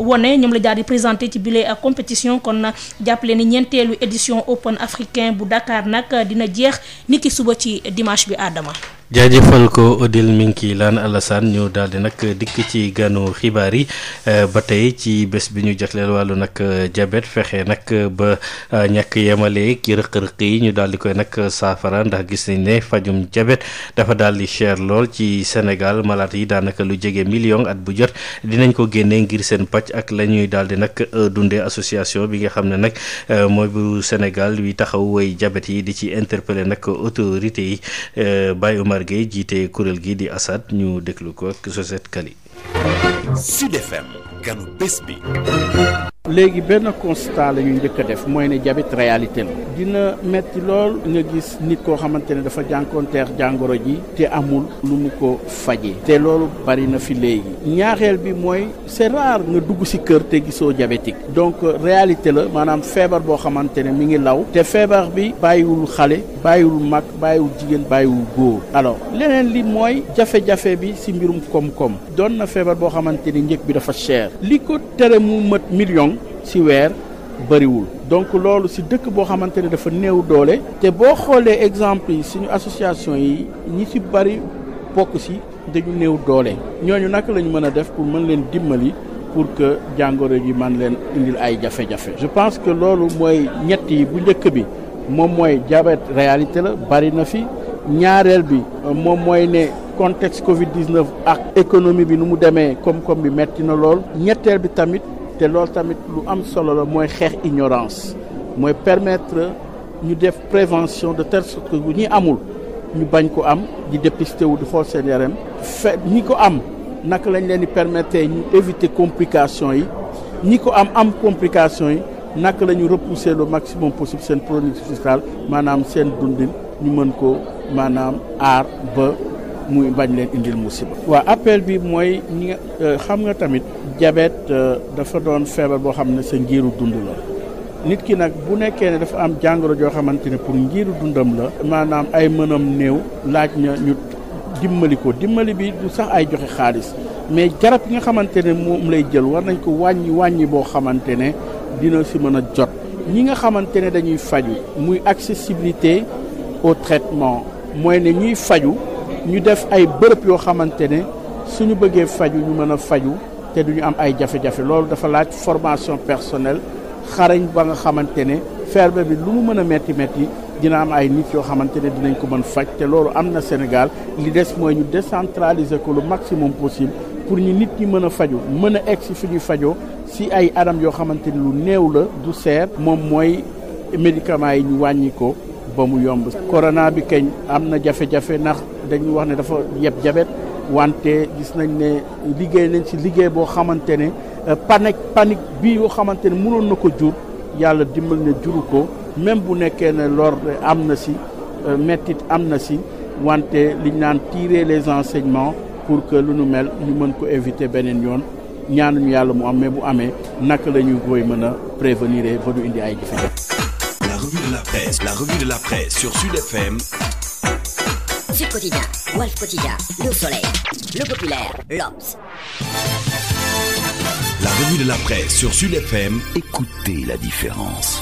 wone ñoom la daal di présenté ci bile compétition kon jàppale ni ñeenteelu édition Open africain bu Dakar nag dina jeex nit ki suba ci dimanche bi aadama jaajëfal ko Odile Minki Laan Alassane ñu daal di nag dikk ci ganu xibaar yi eh, ba tey ci bés bi ñu jagleel wàllu nag diabète eh, fexe nag eh, ba ñàkk yemale ki rëq-rëq yi ñu daal di koy nag saafara ndax gis nañ ne fajum jabet dafa daal di cher lool ci Sénégal malaat yi daanaka lu jege million at bu jot dinañ ko génnee ngir seen pàcc ak la ñuy daal di nag dundee association bi nga xam ne nag mooy bu Sénégal wi taxaw way jabet yi di ci interpeller nag autorité yi bàyyi Omar Gueye jiite kuréel gi di ASAD ñu déglu ko ak Josette Kali Sud ganu bés bi léegi benn constat la ñuy njëkk def mooy ne jabet réalité la dina metti lool nga gis nit koo xamante ne dafa jànkoonteex jàngoro ji te amul lu mu ko fajee te loolu bari na fi léegi ñaaxeel bi mooy c'est nga dugg ci kër te gisoo diabétique donc réalité la maanaam feebar boo xamante ne mi ngi law te feebar bi bàyyiwul xale bàyyiwul mag bàyyiwul jigéen bàyyiwul góor alors leneen li mooy jafe-jafe bi ci mbirum koom-koom doon na feebar boo xamante ne njëg bi dafa cher li ko tere mu mët million si weer bëriwul donc loolu si dëkk boo xamante ne dafa néew doole te boo xoolee exemple yi suñu association yi ñi si bëri bokk si dañu néew doole ñooñu naka lañu mën a def pour mën leen dimbali pour que jàngoro ji man leen indil ay jafe-jafe je pense que loolu mooy ñett yi bu njëkk bi moom mooy jabet réalité la bari na fi ñaareel bi moom mooy ne contexte Covid 19 ak économie bi nu mu demee koom-koom bi metti na lool ñetteel bi tamit te loolu tamit lu am solo la mooy xeex ignorance mooy permettre ñu def prévention de telle sorte que ñi amul ñu bañ ko am di dépister wu di xool seen yaram fe ñi ko am naka lañ leen di permettre ñu éviter complications yi ñi ko am am complications yi naka la ñu lu le maximum possible seen pronostic fiscal maanaam seen dundin ñu mën ko maanaam aar ba. muy bañ leen indil musiba. waa appel bi mooy ñi nga euh, xam nga tamit diabète euh, dafa doon feebar boo xam ne sa njiiru dund la. nit ki nag bu nekkee ne dafa am jàngoro joo xamante ne pour njiiru dundam la maanaam ay mënam néew laaj na ñu dimbali ko dimbali bi du sax ay joxe xaalis mais garab ki nga xamante ne moom lay jël war nañ ko wàññi wàññi boo xamante ne dina si mën a jot ñi nga xamante ne dañuy faju muy accessibilité au traitement mooy ne ñuy faju ñu def ay bërëb yoo xamante ne ñu bëggee faju ñu mën a faju te du ñu am ay jafe-jafe loolu dafa laaj formation personnelle xarañ ba nga xamante ne feebar bi lu mu mën a metti metti dina am ay nit yoo xamante ne dinañ ko mën faj te loolu am na Sénégal li des mooy ñu décentraliser ko le maximum possible pour ñu nit ñi mën a faju mën a egg si fi ñuy fajoo si ay anam yoo xamante ne lu néew la du seer moom mooy médicaments yi ñu wàññi ba mu yomb corona bi keñ am na jafe-jafe ndax dañuy wax ne dafa yeb jabet wante gis nañ ne liggéey nañ si liggéey boo xamante ne euh, panique panique bii yoo xamante ne mënoon na ko jur yàlla dimbal ne juru ko même bu nekkee ne lor am na si euh, mettit am na si wante liñ naan tirer les enseignements pour que lu nu mel ñu mën ko invité beneen yoon ñaanuñu yàlla mu amee bu amee naka la ñuy koy mën a prévenir ba du indi ay jafe-jafe revue de la presse, la revue de la presse sur Sud FM. Sud Quotidien, Wolf Quotidien, Le Soleil, Le Populaire, L'Obs. La revue de la presse sur Sud FM, écoutez la différence.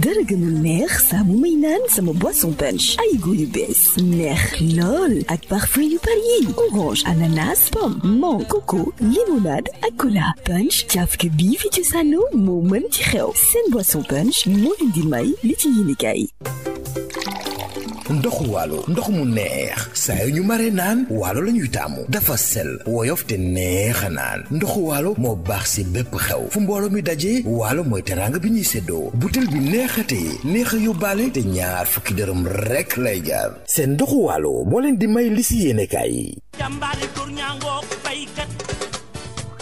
dara gën neex saa bu may naan sama boisson punch ay goût yu bees neex lool ak parfum yu bari yi orange ananas pomme mangue coco limonade ak cola punch cafka bii fi ci sànno moo mën ci xew seen boisson punch moo leen may li ci yéenekaay ndoxu waalo ndox mu neex saa yu ñu mare naan waalo la ñuy taamu dafa sel woyof te neex a naan ndoxu waalo moo baax si bépp xew fu mbooloo mi dajee waalo mooy teraanga bi ñuy séddoo butel bi neexatee neex a yóbbaale te ñaar fukki dërëm rekk lay jaar seen ndoxu waalo moo leen di may li si yéenekaay yi jàmbaari tur ñaangoo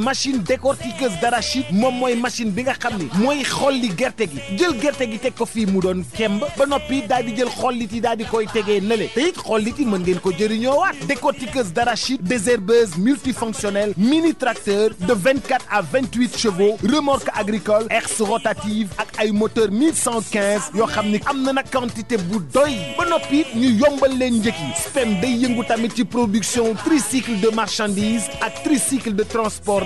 machine décortiqueuse d'arachide moom mooy machine bi nga xam ni mooy xolli gerte gi jël gerte gi teg ko fii mu doon kemb ba noppi daal di jël xollit yi daal di koy tegee nële te it xollit yi mën ngeen ko jëriñoowaat décortiqueuse d'arachide désherbeuse multifonctionnelle mini tracteur de 24 à 28 chevaux remorque agricole herse rotative ak ay moteur 1115 yoo xam ni am na nag quantité bu doy ba noppi ñu yombal leen njëkk SPEM day yëngu tamit ci production tricycle de marchandise ak tricycle de transport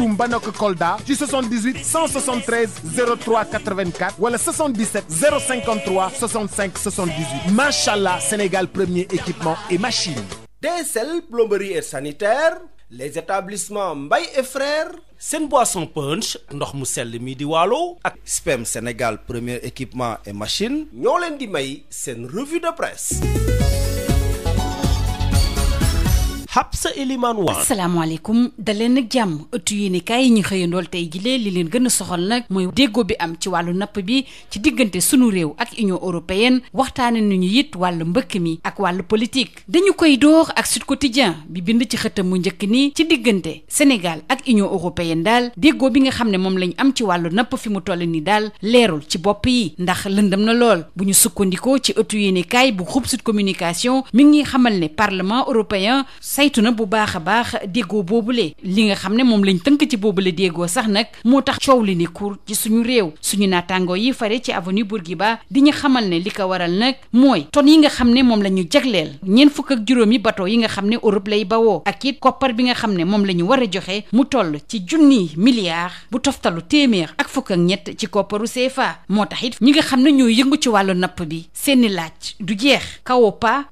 Kourumba nekk Kolda ci 78 173 03 84 wala 77 053 65 78 macha allah Sénégal premier équipement et machine. DSL plomberie et sanitaire les établissements mbay et frères. seen boisson punch ndox mu sell mi di waalo ak. SPEM Sénégal premier équipement et machine. ñoo leen di may seen revue de presse. Habsa Elimane Wane asalaamaaleykum daleen nag jàmm ëttu yéenekaay yi ñu xëyandool tey jilee li leen gën a soxal nag mooy déggoo bi am ci wàllu napp bi ci diggante sunu réew ak union européenne waxtaane nañu it wàllu mbëkk mi ak wàllu politique dañu koy door ak Sud Quotidien bi bind ci xëtam mu njëkk ni ci diggante Sénégal ak union européenne daal déggoo bi nga xam ne moom lañ am ci wàllu napp fi mu toll ni daal leerul ci bopp yi ndax lëndam na lool bu ñu sukkandikoo ci ëttu yéenekaay bu groupe Sud Communication mi ngi xamal ne parlement européen saytu na bu baax a baax déggoo boobule li nga xam ne moom lañ tënk ci boobu la déggoo sax nag moo tax coow li ni kur ci suñu réew suñu naataangoo yi fare ci avenue Bourguiba di ñu xamal ne li ko waral nag mooy ton yi nga xam ne moom la ñu jagleel ñeent fukk ak juróomi bateau yi nga xam ne Europe lay bawoo ak it koppar bi nga xam ne moom la ñu war a joxe mu toll ci junni milliards bu toftalu téeméer ak fukk ak ñett ci kopparu CFA moo tax it ñi nga xam ne ñooy yëngu ci wàllu napp bi seeni laaj du jeex kawopa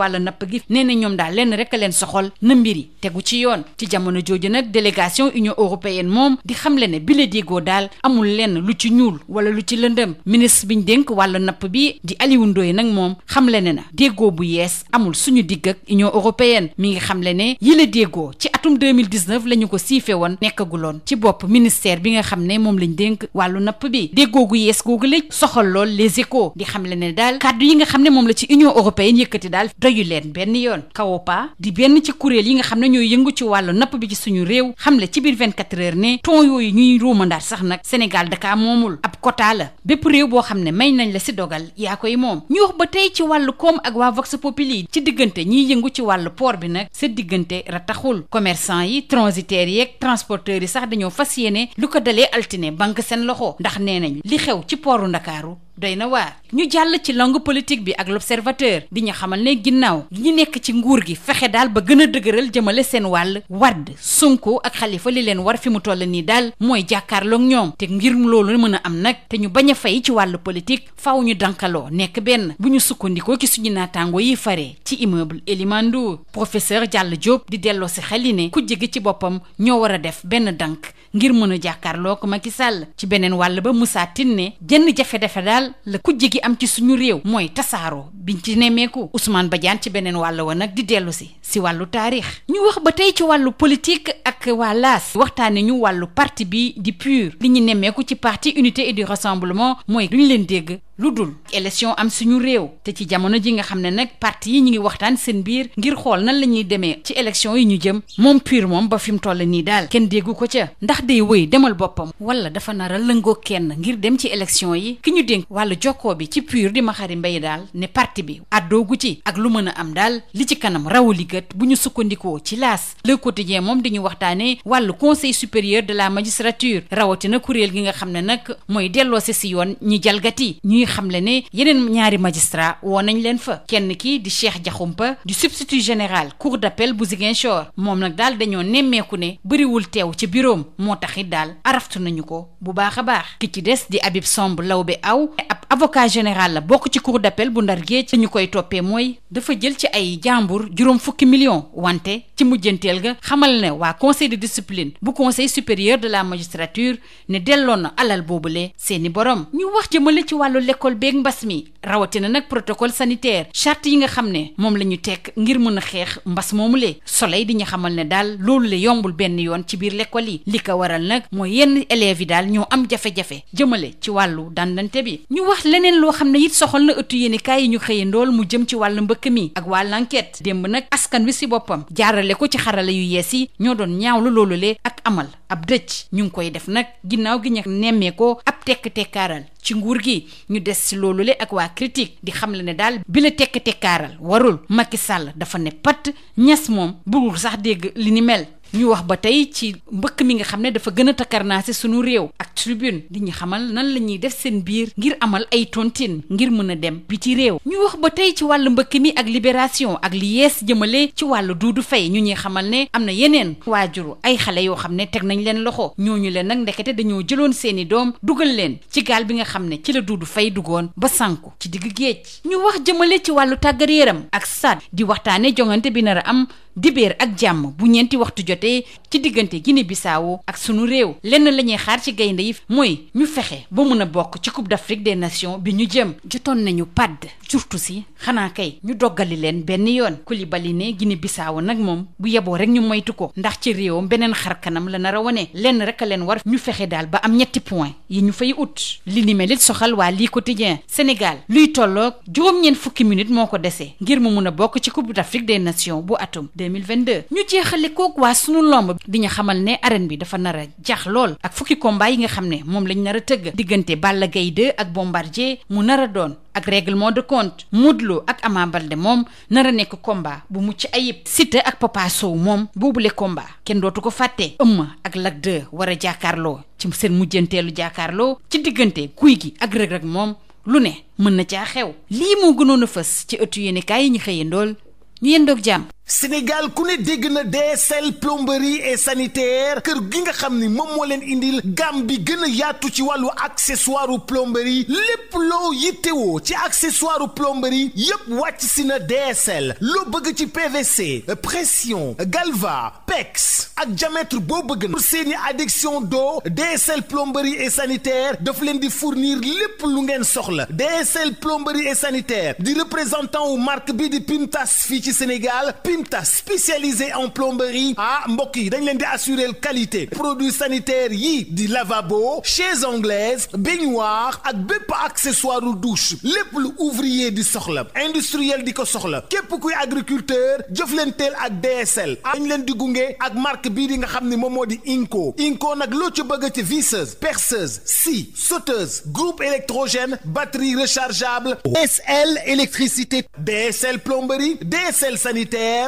wàllu napp gi nee na ñoom daal lenn rek a leen soxol na mbir yi tegu ci yoon ci jamono jooju nag délégation union européenne moom di xam le ne bile déggoo daal amul lenn lu ci ñuul wala lu ci lëndam ministre biñ dénk wàllu napp bi di Aliou Ndoye nag moom xam le ne na déggoo bu yees amul suñu digg ak union européenne mi ngi xamle ne yile déggoo ci atum 2019 la ñu ko siife woon nekkaguloon ci bopp ministère bi nga xam ne moom lañ dénk wàllu napp bi déggoo gu yees googu soxal lool les échos di xam le ne daal kàddu yi nga xam ne moom la ci union européenne yëkkati daal doyu leen benn yoon kawopa di benn ci kuréel yi nga xam ne ñooy yëngu ci wàllu napp bi ci suñu réew xam le ci biir 24 heures ne ton yooyu ñuy ruumandaat sax nag Sénégal dakaa moomul ab quota la bépp réew boo xam ne may nañ la si dogal yaa koy moom ñu wax ba tey ci wàllu koom ak waa Vox Populi ci diggante ñiy yëngu ci wàllu poor bi nag sa diggante rataxul commerçant yi transitaires yeeg transporteur yi sax dañoo fas yéene lu ko dalee altine banque seen loxo ndax nee nañ li xew ci pooru Ndakaaru doy na waa ñu jàll ci langue politique bi ak l'observateur di ñu xamal ne ginnaaw li ñu nekk ci nguur gi fexe daal ba gën a dëgëral jëmale seen wàll Wade Sonko ak xalifa li leen war fi mu toll nii daal mooy jàkkaarloog ñoom te ngir loolu mën a am nag te ñu bañ a fay ci wàllu politique faaw ñu dankaloo nekk benn bu ñu sukkandikoo ki suñu naataango yi faree ci immeuble Elimane Ndour professeur jàll Diop di delloo si xel yi ne ku jege ci boppam ñoo war a def benn dank ngir mën a jàkkaarloo ko Macky Sall ci beneen wàll ba Moussa Tine ne jenn jafe daal daal la kujje gi am ci suñu réew mooy tasaaroo biñ ci nemmeeku Ousmane Badiane ci beneen wàll wa nag di dellusi si wàllu taarix ñu wax ba tey ci wàllu politique ak waa laas waxtaane ñu wàllu parti bi di PUR li ñu nemmeeku ci parti unité et du rassemblement mooy lu ñu leen dégg lu dul élection am suñu réew te ci jamono ji nga xam ne nag parti yi ñu ngi waxtaan seen biir ngir xool nan la ñuy demee ci élection yi ñu jëm moom pur moom ba fi mu toll nii daal kenn déggu ko ca ndax day wëy demal boppam wala dafa naral a lëngoo kenn ngir dem ci élection yi ki ñu dénk wàllu jokkoo bi ci pur di ma Maxari Mbay daal ne parti bi àddoogu ci ak lu mën a am daal li ci kanam rawali gët bu ñu sukkandikoo ci laas Le Quotidien moom di ñu waxtaanee wàllu conseil supérieur de la magistrature rawatina kuréel gi nga xam ne nag mooy delloo si si yoon ñi jalgati xamle ne yeneen ñaari magistrat woo nañ leen fa kenn ki di Cheikh Diakhoumpa di substitut général cour d'appel bu Ziguinchor moom nag daal dañoo nemmeeku ne bëriwul teew ci biroom moo tax it daal araftu nañu ko bu baax a baax ki ci des di Habib law bi Aw ab avocat général la bokk ci cour d'appel bu Ndar Géej ñu koy toppee mooy dafa jël ci ay jàmbur juróom fukki million wante ci mujjanteel ga xamal ne waa conseil de discipline bu conseil supérieur de la magistrature ne delloo na alal boobule seeni protocole beeg mbas mi rawatina nag protocole sanitaire charte yi nga xam ne moom la ñu tekk ngir mën a xeex mbas moomu le soleil di ñu xamal ne daal loolu la yombul benn yoon ci biir l'école yi li ko waral nag mooy yenn élèves yi daal ñoo am jafe-jafe jëmale ci wàllu dandante bi ñu wax leneen loo xam ne it soxal na ëttu yéenekaay yi ñu xëyee ndool mu jëm ci wàllu mbëkk mi ak wàll enquête démb nag askan wi si boppam jaarale ko ci xarala yu yees yi ñoo doon ñaawlu loolu le ak amal ab dëj ñu ngi koy def nag ginnaaw gi ñu nemmee ko ab des si loolu le ak waa critique di xam la ne daal bi la tekk tekkaaral warul Macky sàll dafa ne patt ñes moom buggul sax dégg li ni mel ñu wax ba tey ci mbëkk mi nga xam ne dafa gën a naa takarnaase suñu réew ak tribune di ñu xamal nan la ñuy def seen biir ngir amal ay tontine ngir mën a dem bi biti réew ñu wax ba tey ci wàllu mbëkk mi ak libération ak li yees jëmale ci wàll duudu fay ñu ñuy xamal ne am na yeneen waajuru ay xale yoo xam ne teg nañ leen loxo ñooñu leen nag ndekete dañoo jëloon seeni doom dugal leen ci gaal bi nga xam ne ci la duudu fay dugoon ba sànku ci digg géej ñu wax jëmale ci wàllu tàggat yaram ak stade di waxtaane jongante bi nar a am dibéer ak jàmm bu ñeenti waxtu jotee ci diggante Guinée Bissau ak sunu réew lenn la ñuy xaar ci gaynde yi mooy ñu fexe ba mën a bokk ci Coupe d'Afrique des Nations bi ñu jëm jotoon nañu padd surtout si xanaa kay ñu doggali leen benn yoon Koulibaly ne Guinée Bissau nag moom bu yeboo rek ñu moytu ko ndax ci réewam beneen xar kanam la nar a wone lenn rek a leen war ñu fexe daal ba am ñetti point yi ñu fay ut li ni soxal waa lii quotidien Sénégal luy tolloog juróom-ñeent fukki minutes moo ko dese ngir mu mun a bokk ci Coupe d'Afrique des Nations bu atum 2022 ñu jeexale kook waa sunu lomb di ñu xamal ne arène bi dafa nara a jaax lool ak fukki komba yi nga xam ne moom lañ nar a tëgg diggante Balla Gaye 2 ak Bombardier mu nar a doon ak règlement de compte Modou Lo ak Ama Baldé moom nar a nekk combat bu mucc ayib Siteu ak Papa Sow moom boobule komba kenn dootu ko fàtte Eumeu ak Lac 2 war a jàkkaarloo ci seen mujjanteelu jàkkaarloo ci diggante Gouye gi ak Reug Reug moom lu ne mën na caa xew lii moo gënoon a fës ci ëttu yéenekaay yi ñu xëyandool ñu yendoog jàmm Sénégal ku ne dégg na DSL plomberie e sanitaire kër gi nga xam ni moom moo leen indil gam bi gën a yaatu ci wàllu accessoire plomberie lépp loo yittewoo ci accessoire plomberie yépp wàcc si na DSL loo bëgg ci PVC pression galva pex ak diamètre boo bëgg na pour seeni do d'eau DSL plomberie et sanitaire daf leen di fournir lépp lu ngeen soxla DSL plomberie et sanitaire di représentant wu marque bi di Pimtas fii ci Sénégal. Limtas spécialisé en plomberie ah mbokk yi dañ leen di assurer qualité produits sanitaires yi di lavabo chaises anglaises baignoire ak bépp accessoire u douche lépp lu ouvrier di soxla industriel di ko soxla képp kuy agriculteur jëf leen teel ak DSL ah, dañ leen di gunge ak marque bii di nga xam ne moom moo di Inco Inco nag loo ci bëgg ci si perceuse scie sauteuse groupe électrogène batterie rechargeable DSL électricité DSL plomberie DSL sanitaire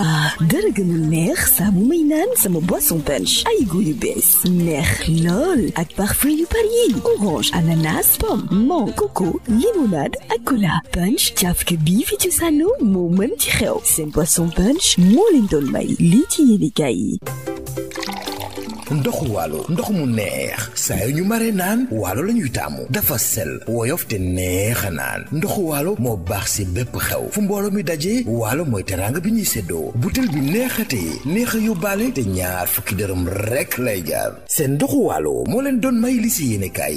ah dara gën a neex saa bu may naan sama boisson punch ay goût yu bees neex ak parfum yu orange ananas pomme mangue coco limonade ak cola punch cafka bii fi ci sànno moo mën ci xew seen boisson punch moo leen may lii ci yéene ndoxu waalo ndox mu neex saa yu ñu mare naan waalo la ñuy taamu dafa sel woyof te neex a naan ndoxu waalo moo baax si bépp xew fu mbooloo mi dajee waalo mooy teraanga bi ñuy séddoo butel bi neexatee neex a yóbbaale te ñaar fukki dërëm rekk lay jaar seen ndoxu waalo moo leen doon may li si yéene kaay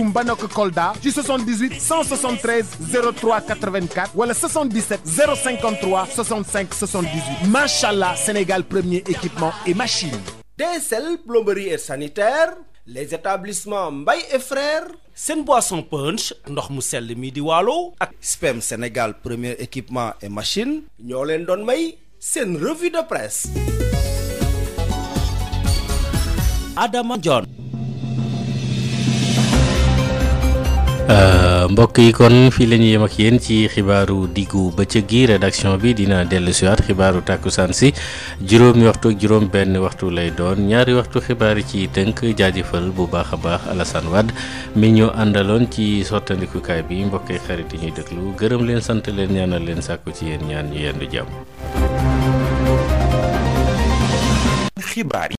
Touroum ba nekk Kolda ci 78 173 03 84 wala 77 053 65 78 macha allah Sénégal premier équipement et machine. DSL plomberie et sanitaire les établissements Mbaye et frères. seen boisson punch ndox mu sell mi di waalo ak SPEM Sénégal premier équipement et machine ñoo leen doon may seen revue de presse. Adama John. Euh, mbokk yi kon fii lañu ñuy yem ak yéen ci xibaaru diggu bëccëg gi rédaction bi dina dellu siwaat xibaaru tàkkusaan si juróomi waxtu ak juróom benn waxtu lay doon ñaari waxtu xibaar yi ci tënk jaajëfal bu baax a baax Alassane Wade mi ñu àndaloon ci sottandikukaay bi mbokk yi xarit yi ñuy déglu gërëm leen sant leen ñaanal leen sàkku ci yéen ñaan ñu yendu jàmm xibaar